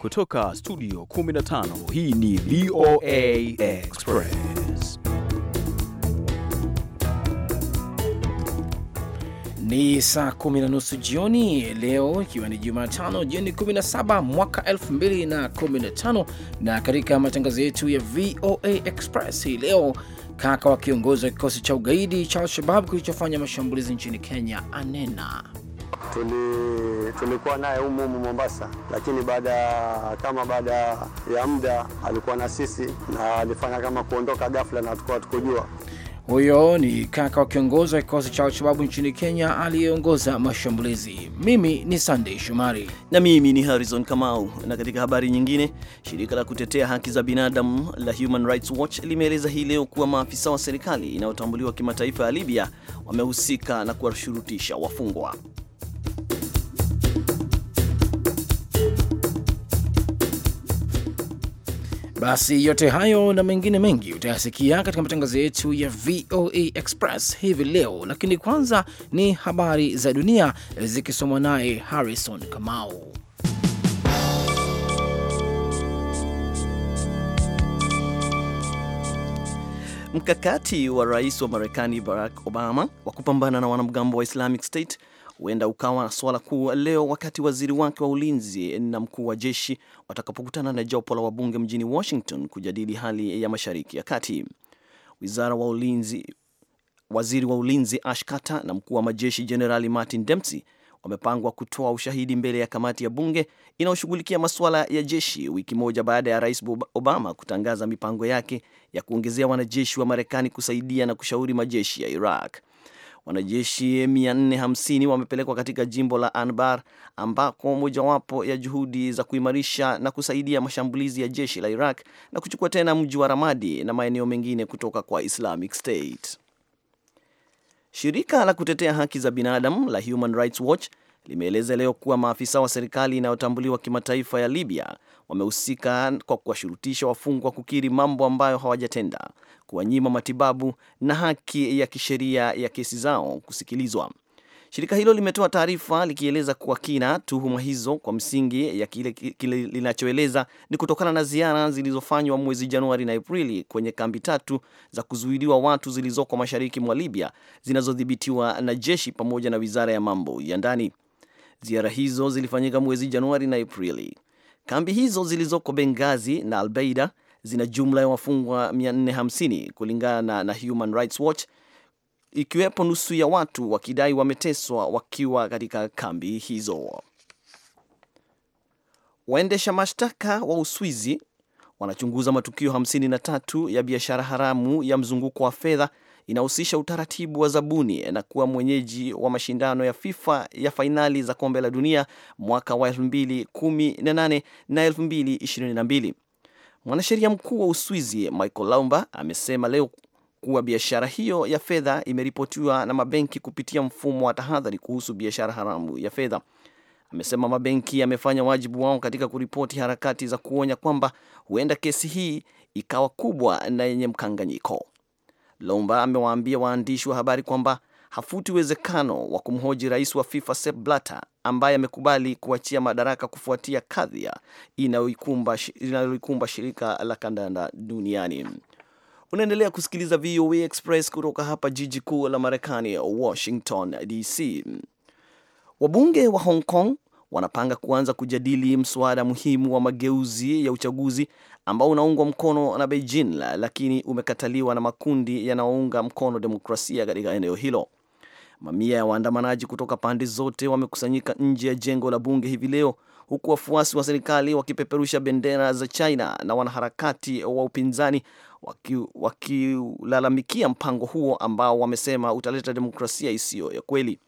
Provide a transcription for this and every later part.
Kutoka studio 15 hii ni VOA Express. Ni saa kumi na nusu jioni leo, ikiwa ni Jumatano Juni 17 mwaka 2015, na katika matangazo yetu ya VOA Express hii leo, kaka wa kiongozi wa kikosi cha ugaidi cha Al-Shabab kilichofanya mashambulizi nchini Kenya anena Tuli, tulikuwa naye humu humu Mombasa, lakini baada kama baada ya muda alikuwa na sisi na alifanya kama kuondoka ghafla na tukuwa tukujua. Huyo ni kaka wa kiongozi wa kikosi cha Alshababu nchini Kenya aliyeongoza mashambulizi. Mimi ni Sunday Shumari na mimi ni Harrison Kamau. Na katika habari nyingine, shirika la kutetea haki za binadamu la Human Rights Watch limeeleza hii leo kuwa maafisa wa serikali inayotambuliwa kimataifa ya Libya wamehusika na kuwashurutisha wafungwa Basi yote hayo na mengine mengi utayasikia katika matangazo yetu ya VOA Express hivi leo, lakini kwanza ni habari za dunia eh, zikisomwa naye Harrison Kamau. Mkakati wa rais wa Marekani Barack Obama wa kupambana na wanamgambo wa Islamic State huenda ukawa swala kuu leo wakati waziri wake wa ulinzi na mkuu wa jeshi watakapokutana na jopo la wabunge mjini Washington kujadili hali ya Mashariki ya Kati. Wizara wa ulinzi, waziri wa ulinzi Ash Carter na mkuu wa majeshi Jenerali Martin Dempsey wamepangwa kutoa ushahidi mbele ya kamati ya bunge inayoshughulikia masuala ya jeshi wiki moja baada ya Rais Obama kutangaza mipango yake ya kuongezea wanajeshi wa Marekani kusaidia na kushauri majeshi ya Iraq. Wanajeshi 450 wamepelekwa katika jimbo la Anbar ambako mojawapo ya juhudi za kuimarisha na kusaidia mashambulizi ya jeshi la Iraq na kuchukua tena mji wa Ramadi na maeneo mengine kutoka kwa Islamic State. Shirika la kutetea haki za binadamu la Human Rights Watch limeeleza leo kuwa maafisa wa serikali inayotambuliwa kimataifa ya Libya wamehusika kwa kuwashurutisha wafungwa kukiri mambo ambayo hawajatenda, kuwanyima matibabu na haki ya kisheria ya kesi zao kusikilizwa. Shirika hilo limetoa taarifa likieleza kwa kina tuhuma hizo kwa msingi ya kile, kile linachoeleza ni kutokana na ziara zilizofanywa mwezi Januari na Aprili kwenye kambi tatu za kuzuiliwa watu zilizoko mashariki mwa Libya zinazodhibitiwa na jeshi pamoja na wizara ya mambo ya ndani. Ziara hizo zilifanyika mwezi Januari na Aprili. Kambi hizo zilizoko Bengazi na Albeida zina jumla ya wafungwa 450 kulingana na Human Rights Watch, ikiwepo nusu ya watu wakidai wameteswa wakiwa katika kambi hizo. Waendesha mashtaka wa Uswizi wanachunguza matukio 53 ya biashara haramu ya mzunguko wa fedha inahusisha utaratibu wa zabuni na kuwa mwenyeji wa mashindano ya FIFA ya fainali za kombe la dunia mwaka wa 2018 na 2022. Mwanasheria mkuu wa Uswizi Michael Laumba amesema leo kuwa biashara hiyo ya fedha imeripotiwa na mabenki kupitia mfumo wa tahadhari kuhusu biashara haramu ya fedha. Amesema mabenki yamefanya wajibu wao katika kuripoti harakati za kuonya kwamba huenda kesi hii ikawa kubwa na yenye mkanganyiko. Lomba amewaambia waandishi wa habari kwamba hafuti uwezekano wa kumhoji rais wa FIFA Sepp Blatter ambaye amekubali kuachia madaraka kufuatia kadhia inayoikumba shirika la kandanda duniani. Unaendelea kusikiliza VOA Express kutoka hapa jiji kuu la Marekani, Washington DC. Wabunge wa Hong Kong wanapanga kuanza kujadili mswada muhimu wa mageuzi ya uchaguzi ambao unaungwa mkono na Beijing, lakini umekataliwa na makundi yanayounga mkono demokrasia katika eneo hilo. Mamia ya waandamanaji kutoka pande zote wamekusanyika nje ya jengo la bunge hivi leo, huku wafuasi wa serikali wakipeperusha bendera za China na wanaharakati wa upinzani wakilalamikia waki mpango huo ambao wamesema utaleta demokrasia isiyo ya kweli.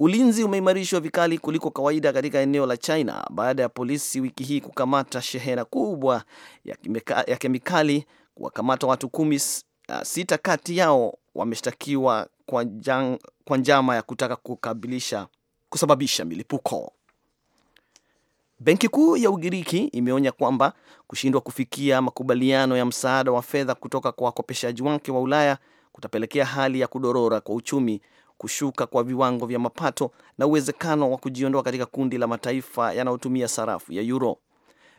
Ulinzi umeimarishwa vikali kuliko kawaida katika eneo la China baada ya polisi wiki hii kukamata shehena kubwa ya, kemikali kuwakamata watu kumi, ah, sita kati yao wameshtakiwa kwa njama ya kutaka kukabilisha, kusababisha milipuko. Benki Kuu ya Ugiriki imeonya kwamba kushindwa kufikia makubaliano ya msaada wa fedha kutoka kwa wakopeshaji wake wa Ulaya kutapelekea hali ya kudorora kwa uchumi kushuka kwa viwango vya mapato na uwezekano wa kujiondoa katika kundi la mataifa yanayotumia sarafu ya euro.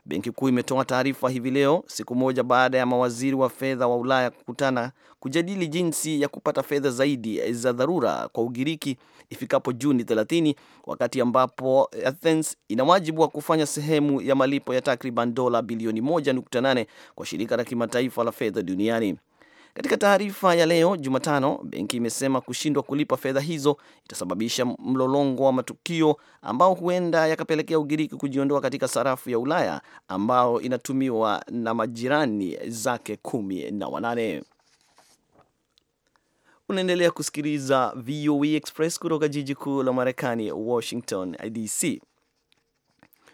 Benki Kuu imetoa taarifa hivi leo, siku moja baada ya mawaziri wa fedha wa Ulaya kukutana kujadili jinsi ya kupata fedha zaidi za dharura kwa Ugiriki ifikapo Juni 30, wakati ambapo Athens ina wajibu wa kufanya sehemu ya malipo ya takriban dola bilioni 1.8 kwa shirika la kimataifa la fedha duniani. Katika taarifa ya leo Jumatano, benki imesema kushindwa kulipa fedha hizo itasababisha mlolongo wa matukio ambao huenda yakapelekea Ugiriki kujiondoa katika sarafu ya Ulaya ambayo inatumiwa na majirani zake kumi na wanane. Unaendelea kusikiliza VOA e Express kutoka jiji kuu la Marekani, Washington DC.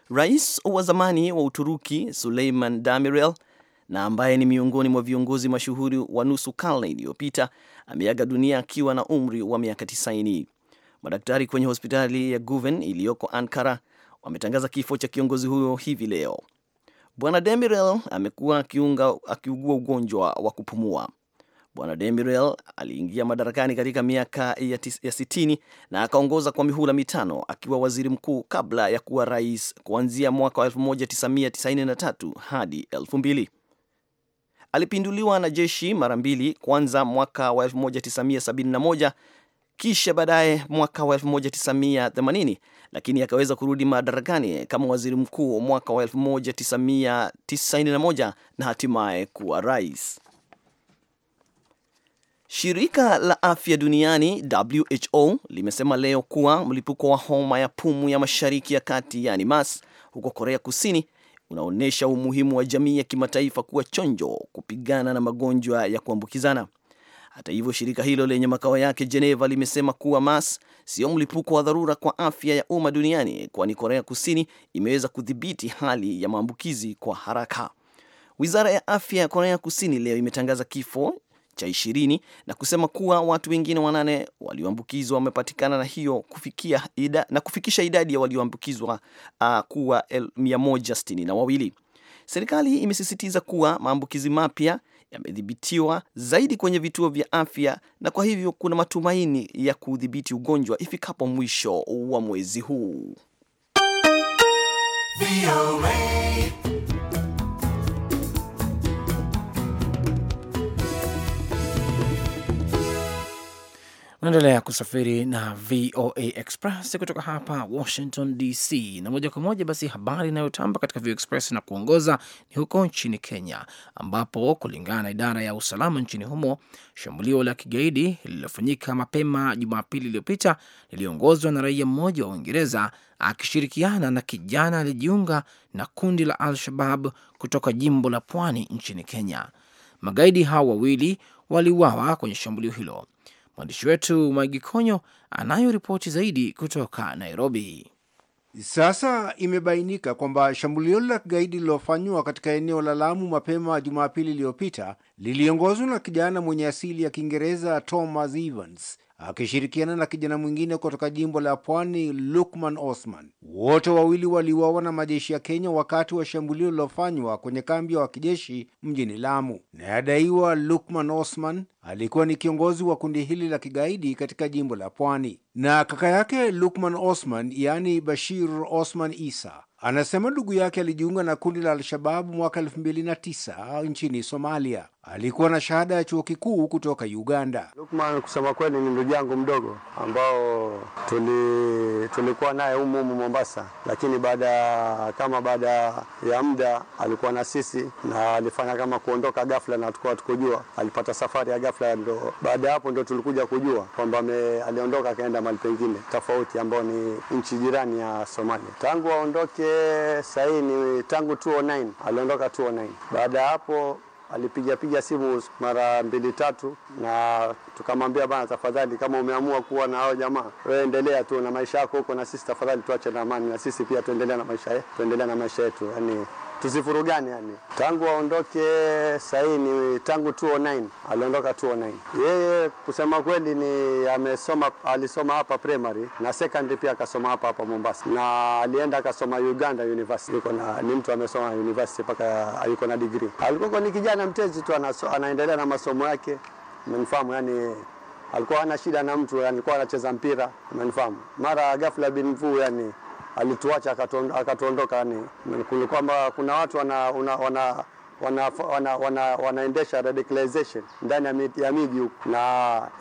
Rais wa zamani wa Uturuki Suleiman Demirel na ambaye ni miongoni mwa viongozi mashuhuri wa nusu karne iliyopita ameaga dunia akiwa na umri wa miaka 90. Madaktari kwenye hospitali ya Guven iliyoko Ankara wametangaza kifo cha kiongozi huyo hivi leo. Bwana Demirel amekuwa akiugua ugonjwa wa kupumua. Bwana Demirel aliingia madarakani katika miaka ya 60 na akaongoza kwa mihula mitano akiwa waziri mkuu kabla ya kuwa rais kuanzia mwaka 1993 hadi Alipinduliwa na jeshi mara mbili, kwanza mwaka wa 1971 kisha baadaye mwaka wa 1980, lakini akaweza kurudi madarakani kama waziri mkuu mwaka wa 1991 na hatimaye kuwa rais. Shirika la Afya Duniani WHO limesema leo kuwa mlipuko wa homa ya pumu ya Mashariki ya Kati, yani MAS, huko Korea Kusini unaonyesha umuhimu wa jamii ya kimataifa kuwa chonjo kupigana na magonjwa ya kuambukizana. Hata hivyo, shirika hilo lenye makao yake Geneva limesema kuwa MERS sio mlipuko wa dharura kwa afya ya umma duniani, kwani Korea Kusini imeweza kudhibiti hali ya maambukizi kwa haraka. Wizara ya afya ya Korea Kusini leo imetangaza kifo cha ishirini na kusema kuwa watu wengine wanane walioambukizwa wamepatikana na hiyo kufikia ida, na kufikisha idadi ya walioambukizwa uh, kuwa 162. Serikali imesisitiza kuwa maambukizi mapya yamedhibitiwa zaidi kwenye vituo vya afya na kwa hivyo kuna matumaini ya kudhibiti ugonjwa ifikapo mwisho wa mwezi huu. Naendelea kusafiri na VOA Express kutoka hapa Washington DC, na moja kwa moja basi habari inayotamba katika VOA Express na kuongoza ni huko nchini Kenya, ambapo kulingana na idara ya usalama nchini humo, shambulio la kigaidi lililofanyika mapema Jumapili iliyopita liliongozwa na raia mmoja wa Uingereza akishirikiana na kijana alijiunga na kundi la Al-Shabab kutoka jimbo la pwani nchini Kenya. Magaidi hao wawili waliuawa kwenye shambulio hilo. Mwandishi wetu Konyo anayo ripoti zaidi kutoka Nairobi. Sasa imebainika kwamba shambulio la kigaidi lililofanywa katika eneo la Lamu mapema Jumapili iliyopita liliongozwa na kijana mwenye asili ya Kiingereza Thomas Evans akishirikiana na kijana mwingine kutoka jimbo la Pwani Lukman Osman. Wote wawili waliuawa na majeshi ya Kenya wakati wa shambulio lilofanywa kwenye kambi ya kijeshi mjini Lamu. nayadaiwa Lukman Osman alikuwa ni kiongozi wa kundi hili la kigaidi katika jimbo la Pwani, na kaka yake Lukman Osman yaani Bashir Osman Isa anasema ndugu yake alijiunga na kundi la Al-Shababu mwaka 2009 nchini Somalia alikuwa na shahada ya chuo kikuu kutoka Uganda. Lukman, kusema kweli, ni ndugu yangu mdogo ambao tuli, tulikuwa naye humu humu Mombasa, lakini baada kama baada ya muda alikuwa na sisi na alifanya kama kuondoka ghafla, na tukuwa tukujua, alipata safari ya ghafla, ndo baada ya hapo ndo tulikuja kujua kwamba aliondoka akaenda mahali pengine tofauti, ambao ni nchi jirani ya Somalia. Tangu aondoke sahii ni tangu 2009 aliondoka 2009. Baada ya hapo alipigapiga simu mara mbili tatu, na tukamwambia bana, tafadhali kama umeamua kuwa na hao jamaa, wewe endelea tu na maisha yako huko, na sisi tafadhali tuache na amani, na sisi pia tuendelea na maisha yetu, tuendelea na maisha yetu yani tusivurugane yani. Tangu aondoke sahii ni tangu 209, aliondoka 209. Yeye kusema kweli ni amesoma, alisoma hapa primary na secondary pia akasoma hapa hapa Mombasa, na alienda akasoma Uganda University. Yuko na ni mtu amesoma university mpaka yuko na degree. Alikuwa ni kijana mtezi tu anaso, anaendelea na masomo yake, umenifahamu yani alikuwa hana shida na mtu, alikuwa anacheza mpira, umenifahamu. Mara ghafla bin vu yani alituacha akatuondoka. Yani kwamba kuna watu wana, una, wana wanaendesha wana, wana, wana radicalization ndani ya miji huku, na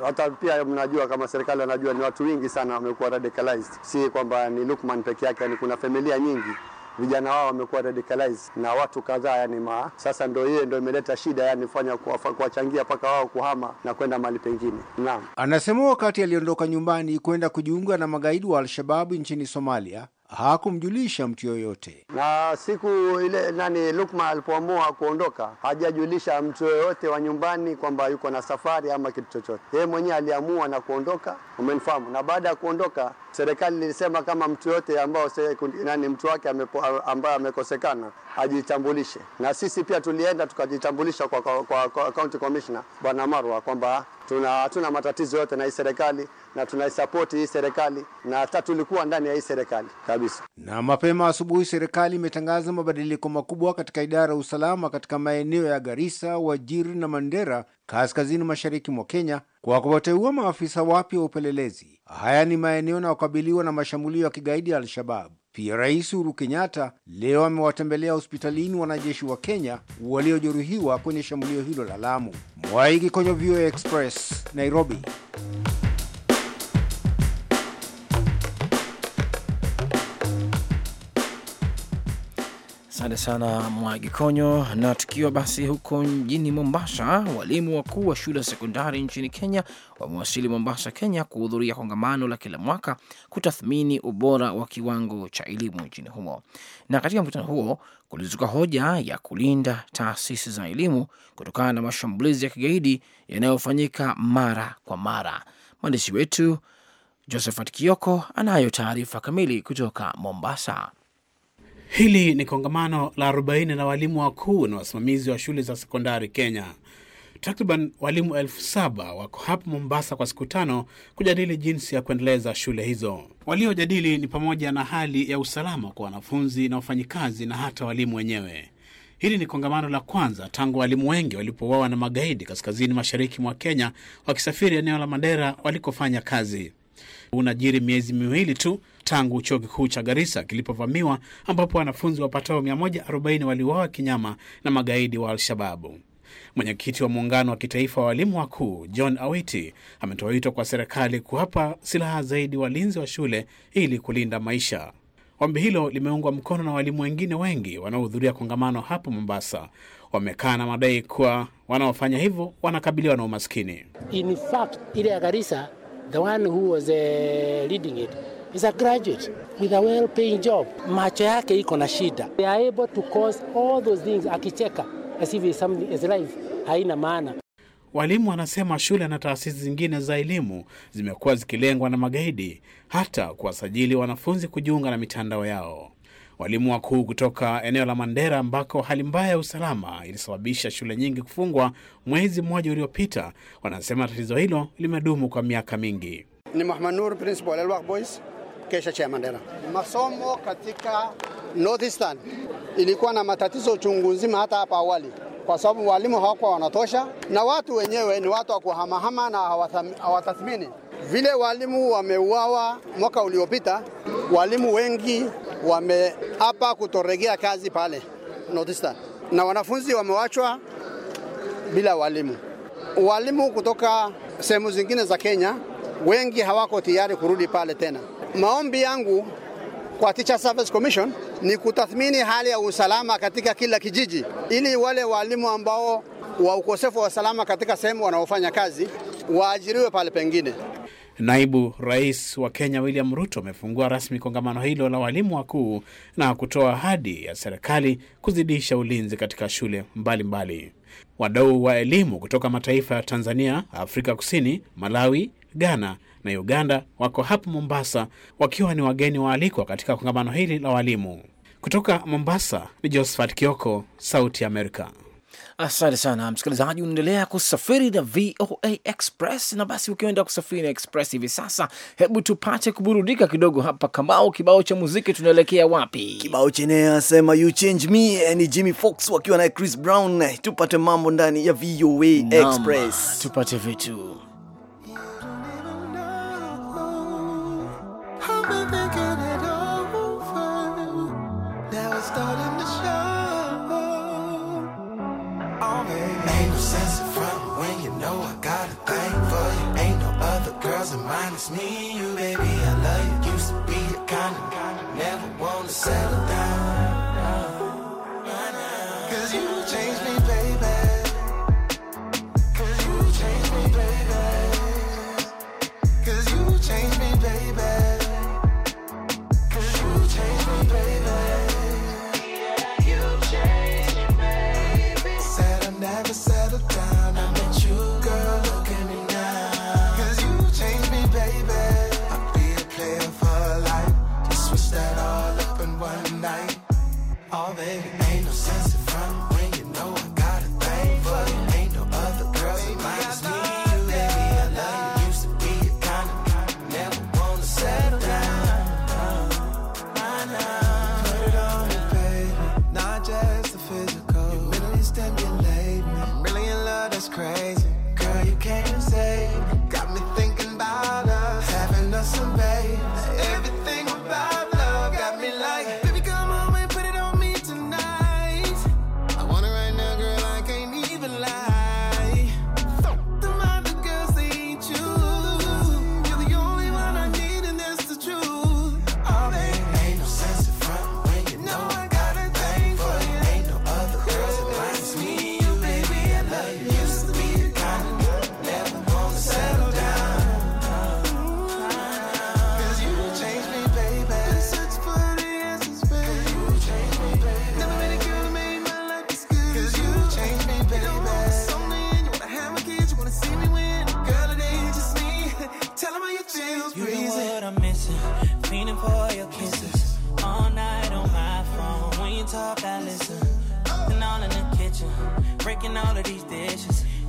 hata pia mnajua kama serikali wanajua, ni watu wengi sana wamekuwa radicalized, si kwamba ni Lukman peke yake, yani kuna familia nyingi vijana wao wamekuwa radicalized na watu kadhaa yani ma, sasa ndio hiyo ndio imeleta shida yani fanya kuwachangia mpaka wao kuhama na kwenda mahali pengine. Naam, anasema wakati aliondoka nyumbani kwenda kujiunga na magaidi wa Al-Shabaab nchini Somalia hakumjulisha mtu yoyote. Na siku ile nani Lukma alipoamua kuondoka, hajajulisha mtu yoyote wa nyumbani kwamba yuko na safari ama kitu chochote. Yeye mwenyewe aliamua na kuondoka, umenifahamu. Na baada ya kuondoka, serikali ilisema kama mtu yoyote ambao nani mtu wake ambaye amekosekana ajitambulishe, na sisi pia tulienda tukajitambulisha kwa, kwa, kwa, kwa County Commissioner Bwana Marwa kwamba tuna hatuna matatizo yote na hii serikali na tunaisapoti hii serikali na hata tulikuwa ndani ya hii serikali kabisa. Na mapema asubuhi, serikali imetangaza mabadiliko makubwa katika idara ya usalama katika maeneo ya Garissa, Wajir na Mandera kaskazini mashariki mwa Kenya kwa kuwateua maafisa wapya wa upelelezi. Haya ni maeneo yanayokabiliwa na mashambulio ya kigaidi ya Al-Shabab. Pia Rais Uhuru Kenyatta leo amewatembelea hospitalini wanajeshi wa Kenya waliojeruhiwa kwenye shambulio hilo la Lamu. Mwaiki kwenye VOA Express, Nairobi. Asante sana Mwagikonyo. Na tukiwa basi huko mjini Mombasa, walimu wakuu wa shule sekondari nchini Kenya wamewasili Mombasa, Kenya, kuhudhuria kongamano la kila mwaka kutathmini ubora wa kiwango cha elimu nchini humo. Na katika mkutano huo kulizuka hoja ya kulinda taasisi za elimu kutokana na mashambulizi ya kigaidi yanayofanyika mara kwa mara. Mwandishi wetu Josephat Kioko anayo taarifa kamili kutoka Mombasa. Hili ni kongamano la 40 la walimu wakuu na wasimamizi wa shule za sekondari Kenya. Takriban walimu elfu saba wako hapa Mombasa kwa siku tano kujadili jinsi ya kuendeleza shule hizo. Waliojadili ni pamoja na hali ya usalama kwa wanafunzi na wafanyikazi na hata walimu wenyewe. Hili ni kongamano la kwanza tangu walimu wengi walipouawa na magaidi kaskazini mashariki mwa Kenya wakisafiri eneo la Mandera walikofanya kazi. Unajiri miezi miwili tu tangu chuo kikuu cha Garisa kilipovamiwa ambapo wanafunzi wapatao 140 waliuawa kinyama na magaidi wa Al-Shababu. Mwenyekiti wa muungano wa kitaifa wa walimu wakuu John Awiti ametoa wito kwa serikali kuwapa silaha zaidi walinzi wa shule ili kulinda maisha. Ombi hilo limeungwa mkono na walimu wengine wengi wanaohudhuria kongamano hapo Mombasa. Wamekaa na madai kuwa wanaofanya hivyo wanakabiliwa na umaskini. In fact, ile ya Garisa The one who was uh, leading it is a graduate with a well paying job. Macho yake iko na shida. They are able to cause all those things akicheka as if something is life haina maana. Walimu wanasema shule na taasisi zingine za elimu zimekuwa zikilengwa na magaidi hata kuwasajili wanafunzi kujiunga na mitandao yao. Walimu wakuu kutoka eneo la Mandera ambako hali mbaya ya usalama ilisababisha shule nyingi kufungwa mwezi mmoja uliopita, wanasema tatizo hilo limedumu kwa miaka mingi. Ni Muhammad Nur, principal Elwak Boys, kesha cha Mandera. Masomo katika North ilikuwa na matatizo chungu nzima hata hapa awali, kwa sababu walimu hawakuwa wanatosha na watu wenyewe ni watu wa kuhamahama na hawatathmini vile walimu wameuawa mwaka uliopita, walimu wengi wameapa kutoregea kazi pale notista, na wanafunzi wamewachwa bila walimu. Walimu kutoka sehemu zingine za Kenya wengi hawako tayari kurudi pale tena. Maombi yangu kwa Teacher Service Commission ni kutathmini hali ya usalama katika kila kijiji, ili wale walimu ambao wa ukosefu wa usalama katika sehemu wanaofanya kazi waajiriwe pale pengine. Naibu Rais wa Kenya William Ruto amefungua rasmi kongamano hilo la walimu wakuu na kutoa ahadi ya serikali kuzidisha ulinzi katika shule mbalimbali. Wadau wa elimu kutoka mataifa ya Tanzania, Afrika Kusini, Malawi, Ghana na Uganda wako hapa Mombasa wakiwa ni wageni waalikwa katika kongamano hili la walimu. Kutoka Mombasa ni Josephat Kioko, Sauti ya Amerika. Asante sana msikilizaji, unaendelea kusafiri na VOA Express. Na basi ukienda kusafiri na Express hivi sasa, hebu tupate kuburudika kidogo hapa. Kamao kibao cha muziki, tunaelekea wapi? Kibao chenyewe anasema you change me, ni Jimmy Fox wakiwa naye Chris Brown. Tupate mambo ndani ya VOA Express, tupate vitu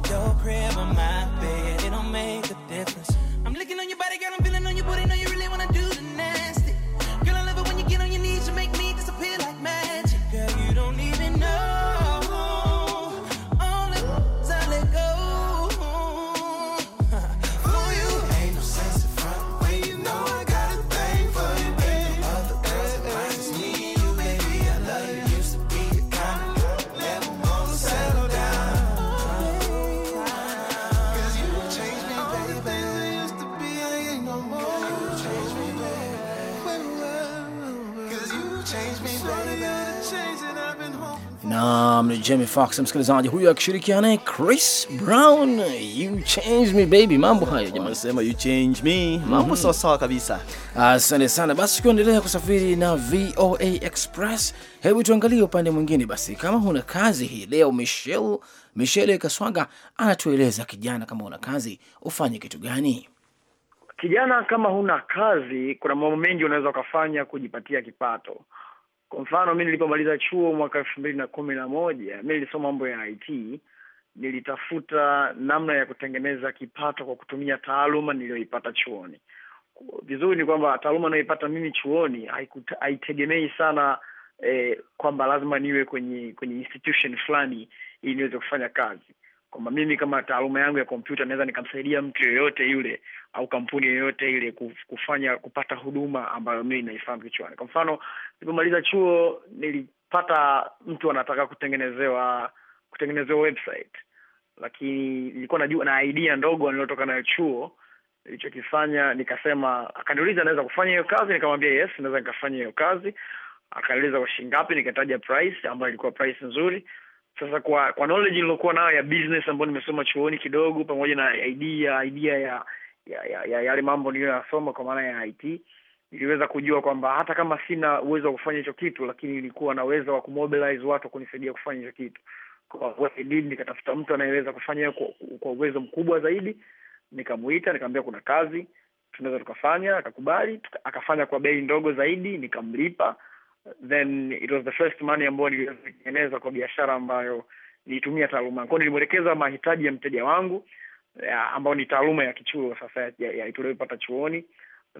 your crib or mine. Um, Jamie Foxx msikilizaji huyu akishirikiana naye Chris Brown, you change me baby. Mambo hayo jamaa, nasema you change me, mambo mhm. sawa sawa kabisa. Asante sana. Basi ukiendelea kusafiri na VOA Express, hebu tuangalie upande mwingine. Basi kama huna kazi hii leo, Michelle Michelle Kaswaga anatueleza kijana, kama huna kazi ufanye kitu gani? Kijana, kama huna kazi, kuna mambo mengi unaweza ukafanya kujipatia kipato. Kwa mfano mi nilipomaliza chuo mwaka elfu mbili na kumi na moja mi nilisoma mambo ya IT, nilitafuta namna ya kutengeneza kipato kwa kutumia taaluma niliyoipata chuoni. Vizuri ni kwamba taaluma ninayoipata mimi chuoni haitegemei sana eh, kwamba lazima niwe kwenye kwenye institution fulani ili niweze kufanya kazi, kwamba mimi kama taaluma yangu ya kompyuta naweza nikamsaidia mtu yoyote yule au kampuni yoyote ile kufanya kupata huduma ambayo mimi naifahamu kichwani. Kwa mfano, nilipomaliza chuo nilipata mtu anataka kutengenezewa kutengenezewa website, lakini nilikuwa najua na idea ndogo niliyotoka nayo chuo. Nilichokifanya nikasema, akaniuliza naweza kufanya hiyo kazi, nikamwambia yes, naweza nikafanya hiyo kazi. Akaniuliza kwa shilingi ngapi, nikataja price ambayo ilikuwa price nzuri. Sasa kwa kwa knowledge niliokuwa nayo ya business ambayo nimesoma chuoni kidogo, pamoja na idea idea ya ya, yale mambo niliyoyasoma kwa maana ya IT niliweza kujua kwamba hata kama sina uwezo wa kufanya hicho kitu, lakini nilikuwa na uwezo wa kumobilize watu kunisaidia kufanya hicho kitu. Kwa nikatafuta mtu anayeweza kufanya kwa, kwa uwezo mkubwa zaidi, nikamuita, nikamwambia kuna kazi tunaweza tukafanya, akakubali tuka, akafanya kwa bei ndogo zaidi, nikamlipa. Then it was the first money ambayo niliweza kutengeneza kwa biashara ambayo nilitumia taaluma yangu. Kwa nilimwelekeza mahitaji ya mteja wangu ambayo ni taaluma ya kichuo sasa ya tuliyopata chuoni,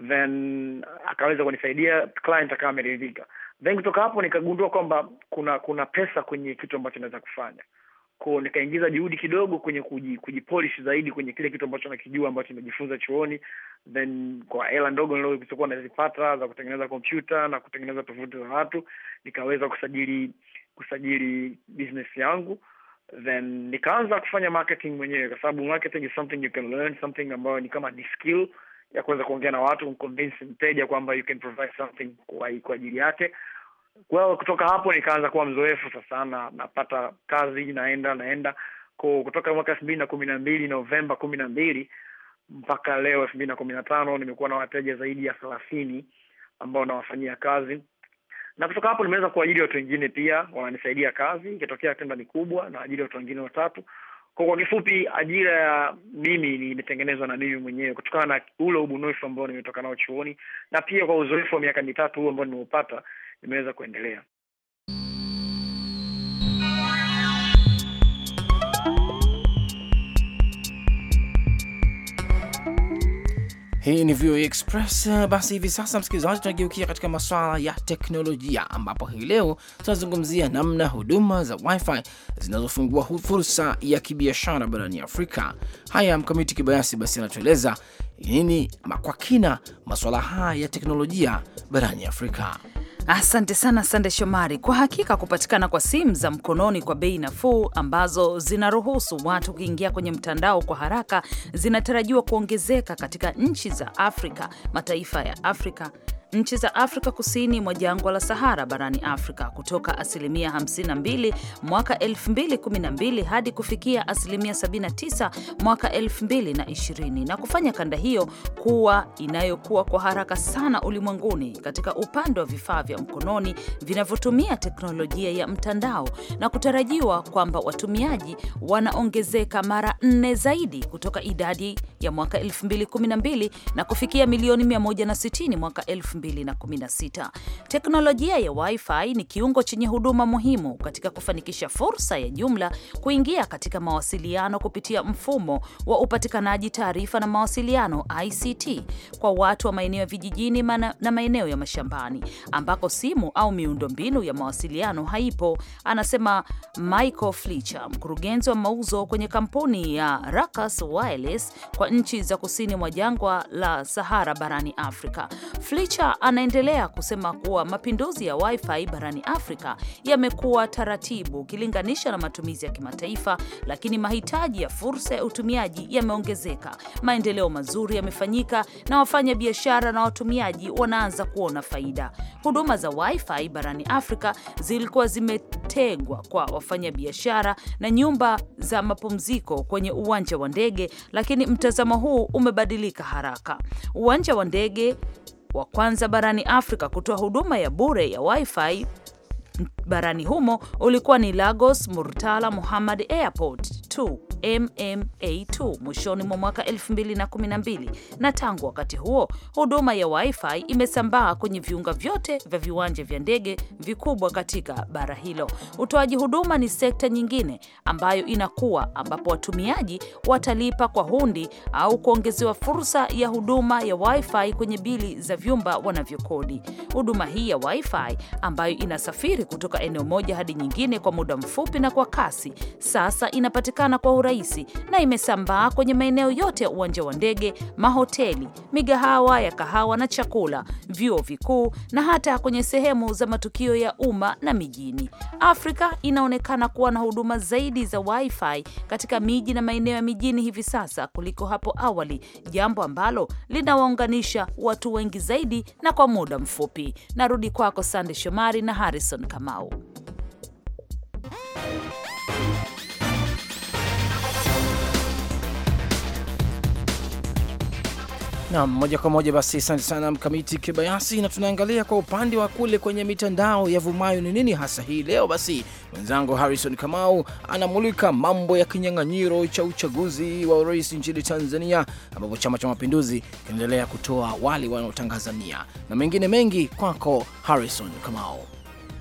then akaweza kunisaidia, client akawa ameridhika. Then kutoka hapo nikagundua kwamba kuna kuna pesa kwenye kitu ambacho naweza kufanya ko nikaingiza juhudi kidogo kwenye kujipolish zaidi kwenye kile kitu ambacho nakijua ambacho nimejifunza chuoni, then kwa hela ndogo nilizokuwa nazipata za kutengeneza kompyuta na kutengeneza tofauti za watu, nikaweza kusajili kusajili business yangu then nikaanza kufanya marketing mwenyewe, kwa sababu marketing is something you can learn, something ambayo ni kama ni skill ya kuweza kuongea na watu, convince mteja kwamba you can provide something kwa ajili yake. Well, kutoka hapo nikaanza kuwa mzoefu sasa na napata kazi, naenda naenda kwa kutoka mwaka elfu mbili na kumi na mbili Novemba kumi na mbili mpaka leo elfu mbili na kumi na tano nimekuwa na wateja zaidi ya thelathini ambao nawafanyia kazi na kutoka hapo nimeweza kuajiri watu wengine pia wananisaidia kazi, ikitokea tenda ni kubwa na ajiri watu wengine watatu. Kwa kwa kifupi, ajira ya mimi imetengenezwa na mimi mwenyewe kutokana na ule ubunifu ambao nimetoka nao chuoni na pia kwa uzoefu wa miaka mitatu huu ambao nimeupata, nimeweza kuendelea Hii ni VOA Express. Basi hivi sasa, msikilizaji, tunageukia katika masuala ya teknolojia, ambapo hii leo tunazungumzia namna huduma za wifi zinazofungua fursa ya kibiashara barani Afrika. Haya, Mkamiti Kibayasi basi anatueleza nini kwa kina masuala haya ya teknolojia barani Afrika. Asante sana Sande Shomari. Kwa hakika kupatikana kwa simu za mkononi kwa bei nafuu ambazo zinaruhusu watu kuingia kwenye mtandao kwa haraka zinatarajiwa kuongezeka katika nchi za Afrika, mataifa ya Afrika nchi za Afrika kusini mwa jangwa la Sahara barani Afrika kutoka asilimia 52 mwaka 2012 hadi kufikia asilimia 79 mwaka 2020 na kufanya kanda hiyo kuwa inayokuwa kwa haraka sana ulimwenguni katika upande wa vifaa vya mkononi vinavyotumia teknolojia ya mtandao na kutarajiwa kwamba watumiaji wanaongezeka mara nne zaidi kutoka idadi ya mwaka 2012 na kufikia milioni 160 mwaka 2020. 2016. Teknolojia ya Wi-Fi ni kiungo chenye huduma muhimu katika kufanikisha fursa ya jumla kuingia katika mawasiliano kupitia mfumo wa upatikanaji taarifa na mawasiliano ICT kwa watu wa maeneo ya vijijini na maeneo ya mashambani ambako simu au miundombinu ya mawasiliano haipo, anasema Michael Fletcher, mkurugenzi wa mauzo kwenye kampuni ya Rakas Wireless kwa nchi za kusini mwa jangwa la Sahara barani Afrika. Fletcher anaendelea kusema kuwa mapinduzi ya wifi barani Afrika yamekuwa taratibu ukilinganisha na matumizi ya kimataifa, lakini mahitaji ya fursa ya utumiaji yameongezeka. Maendeleo mazuri yamefanyika na wafanya biashara na watumiaji wanaanza kuona faida. Huduma za wifi barani Afrika zilikuwa zimetengwa kwa wafanyabiashara na nyumba za mapumziko kwenye uwanja wa ndege, lakini mtazamo huu umebadilika haraka. Uwanja wa ndege wa kwanza barani Afrika kutoa huduma ya bure ya wifi barani humo ulikuwa ni Lagos Murtala Muhammad Airport 2 MMA2 mwishoni mwa mwaka 2012 na tangu wakati huo huduma ya Wi-Fi imesambaa kwenye viunga vyote vya viwanja vya ndege vikubwa katika bara hilo. Utoaji huduma ni sekta nyingine ambayo inakuwa, ambapo watumiaji watalipa kwa hundi au kuongezewa fursa ya huduma ya Wi-Fi kwenye bili za vyumba wanavyokodi. Huduma hii ya Wi-Fi ambayo inasafiri kutoka eneo moja hadi nyingine kwa muda mfupi na kwa kasi, sasa inapatikana kwa urahisi urahisi na imesambaa kwenye maeneo yote ya uwanja wa ndege, mahoteli, migahawa ya kahawa na chakula, vyuo vikuu na hata kwenye sehemu za matukio ya umma na mijini. Afrika inaonekana kuwa na huduma zaidi za wifi katika miji na maeneo ya mijini hivi sasa kuliko hapo awali, jambo ambalo linawaunganisha watu wengi zaidi na kwa muda mfupi. Narudi kwako Sande Shomari na Harrison Kamau. na moja kwa moja basi, asante sana Mkamiti Kibayasi, na tunaangalia kwa upande wa kule kwenye mitandao ya vumayo ni nini hasa hii leo. Basi mwenzangu Harrison Kamau anamulika mambo ya kinyang'anyiro cha uchaguzi wa urais nchini Tanzania, ambapo Chama cha Mapinduzi kinaendelea kutoa wale wanaotangaza nia na mengine mengi. Kwako Harrison Kamau.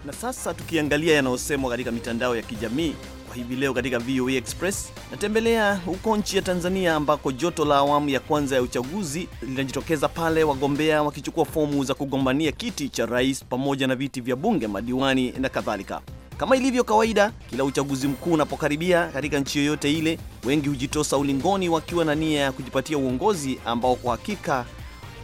Na sasa tukiangalia yanayosemwa katika mitandao ya kijamii kwa hivi leo katika VOA Express, natembelea huko nchi ya Tanzania ambako joto la awamu ya kwanza ya uchaguzi linajitokeza pale wagombea wakichukua fomu za kugombania kiti cha rais pamoja na viti vya bunge, madiwani na kadhalika. Kama ilivyo kawaida, kila uchaguzi mkuu unapokaribia katika nchi yoyote ile, wengi hujitosa ulingoni wakiwa na nia ya kujipatia uongozi ambao kwa hakika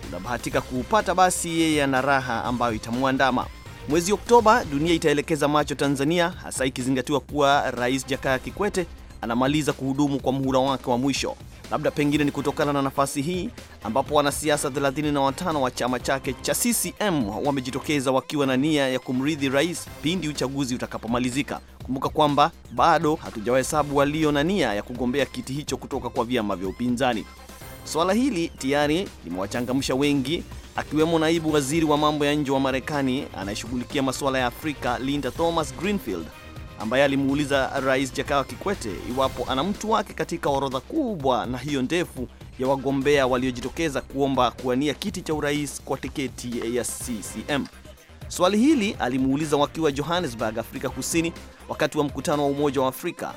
unabahatika kuupata, basi yeye ana raha ambayo itamwandama. Mwezi Oktoba dunia itaelekeza macho Tanzania, hasa ikizingatiwa kuwa Rais Jakaya Kikwete anamaliza kuhudumu kwa muhula wake wa mwisho. Labda pengine ni kutokana na nafasi hii ambapo wanasiasa 35 wa chama chake cha CCM wamejitokeza wakiwa na nia ya kumrithi rais pindi uchaguzi utakapomalizika. Kumbuka kwamba bado hatujawahesabu walio na nia ya kugombea kiti hicho kutoka kwa vyama vya upinzani. Swala hili tayari limewachangamsha wengi akiwemo naibu waziri wa mambo ya nje wa Marekani anayeshughulikia masuala ya Afrika Linda Thomas Greenfield ambaye alimuuliza Rais Jakaya Kikwete iwapo ana mtu wake katika orodha kubwa na hiyo ndefu ya wagombea waliojitokeza kuomba kuwania kiti cha urais kwa tiketi ya CCM. Swali hili alimuuliza wakiwa Johannesburg, Afrika Kusini, wakati wa mkutano wa Umoja wa Afrika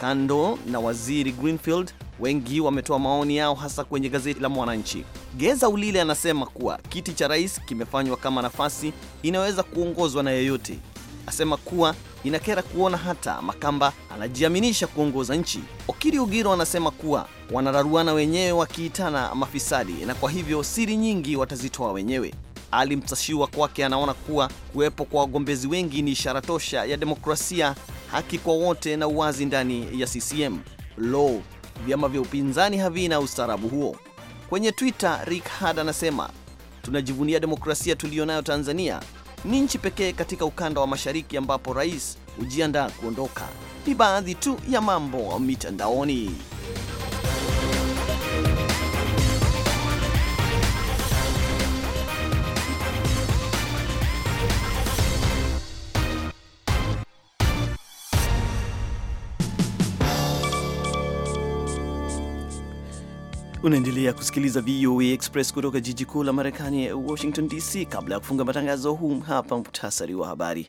Kando na waziri Greenfield, wengi wametoa maoni yao hasa kwenye gazeti la Mwananchi. Geza Ulile anasema kuwa kiti cha rais kimefanywa kama nafasi inaweza kuongozwa na yeyote. Asema kuwa inakera kuona hata Makamba anajiaminisha kuongoza nchi. Okiri Ugiro anasema kuwa wanararuana wenyewe wakiitana mafisadi, na kwa hivyo siri nyingi watazitoa wenyewe. Ali Mtashiwa kwake anaona kuwa kuwepo kwa wagombezi wengi ni ishara tosha ya demokrasia haki kwa wote na uwazi ndani ya CCM. Lo, vyama vya upinzani havina ustaarabu huo. Kwenye Twitter, Rick Hard anasema tunajivunia demokrasia tuliyonayo Tanzania. Ni nchi pekee katika ukanda wa mashariki ambapo rais hujiandaa kuondoka. Ni baadhi tu ya mambo mitandaoni. Unaendelea kusikiliza VOA Express kutoka jiji kuu la Marekani, Washington DC. Kabla ya kufunga matangazo huu, hapa muhtasari wa habari.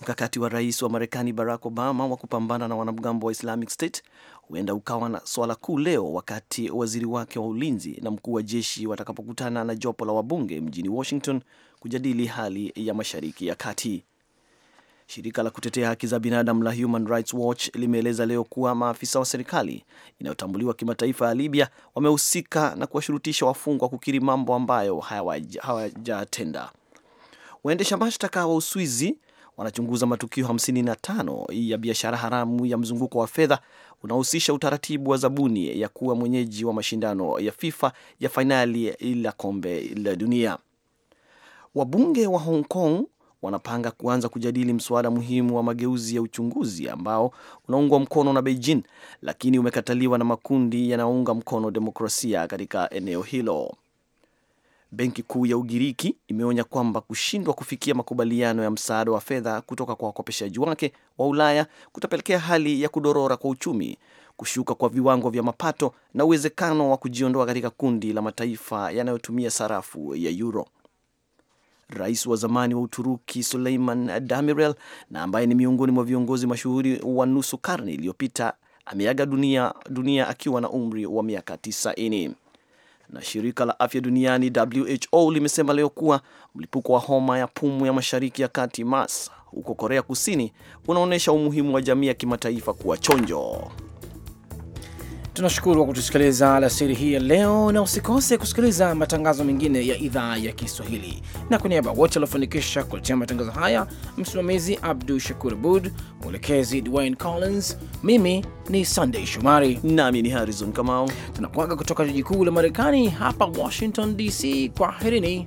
Mkakati wa rais wa Marekani Barack Obama wa kupambana na wanamgambo wa Islamic State huenda ukawa na swala kuu leo wakati waziri wake wa ulinzi na mkuu wa jeshi watakapokutana na jopo la wabunge mjini Washington kujadili hali ya Mashariki ya Kati. Shirika la kutetea haki za binadamu la Human Rights Watch limeeleza leo kuwa maafisa wa serikali inayotambuliwa kimataifa ya Libya wamehusika na kuwashurutisha wafungwa kukiri mambo ambayo hawajatenda. Waendesha mashtaka wa Uswizi wanachunguza matukio 55 ya biashara haramu ya mzunguko wa fedha unaohusisha utaratibu wa zabuni ya kuwa mwenyeji wa mashindano ya FIFA ya fainali la kombe la dunia. Wabunge wa Hong Kong wanapanga kuanza kujadili mswada muhimu wa mageuzi ya uchunguzi ambao unaungwa mkono na Beijing, lakini umekataliwa na makundi yanayounga mkono demokrasia katika eneo hilo. Benki Kuu ya Ugiriki imeonya kwamba kushindwa kufikia makubaliano ya msaada wa fedha kutoka kwa wakopeshaji wake wa Ulaya kutapelekea hali ya kudorora kwa uchumi, kushuka kwa viwango vya mapato na uwezekano wa kujiondoa katika kundi la mataifa yanayotumia sarafu ya euro rais wa zamani wa Uturuki Suleiman Demirel na ambaye ni miongoni mwa viongozi mashuhuri wa nusu karne iliyopita ameaga dunia, dunia akiwa na umri wa miaka 90. Na shirika la afya duniani WHO limesema leo kuwa mlipuko wa homa ya pumu ya mashariki ya kati, MERS, huko Korea Kusini unaonyesha umuhimu wa jamii ya kimataifa kuwa chonjo. Tunashukuru kwa kutusikiliza alasiri hii ya leo, na usikose kusikiliza matangazo mengine ya idhaa ya Kiswahili. Na kwa niaba wote waliofanikisha kuletea matangazo haya, msimamizi Abdu Shakur Abud, mwelekezi Dwayne Collins, mimi ni Sandey Shomari nami ni Harrison Kamau, tunakwaga kutoka jiji kuu la Marekani hapa Washington DC. Kwaherini.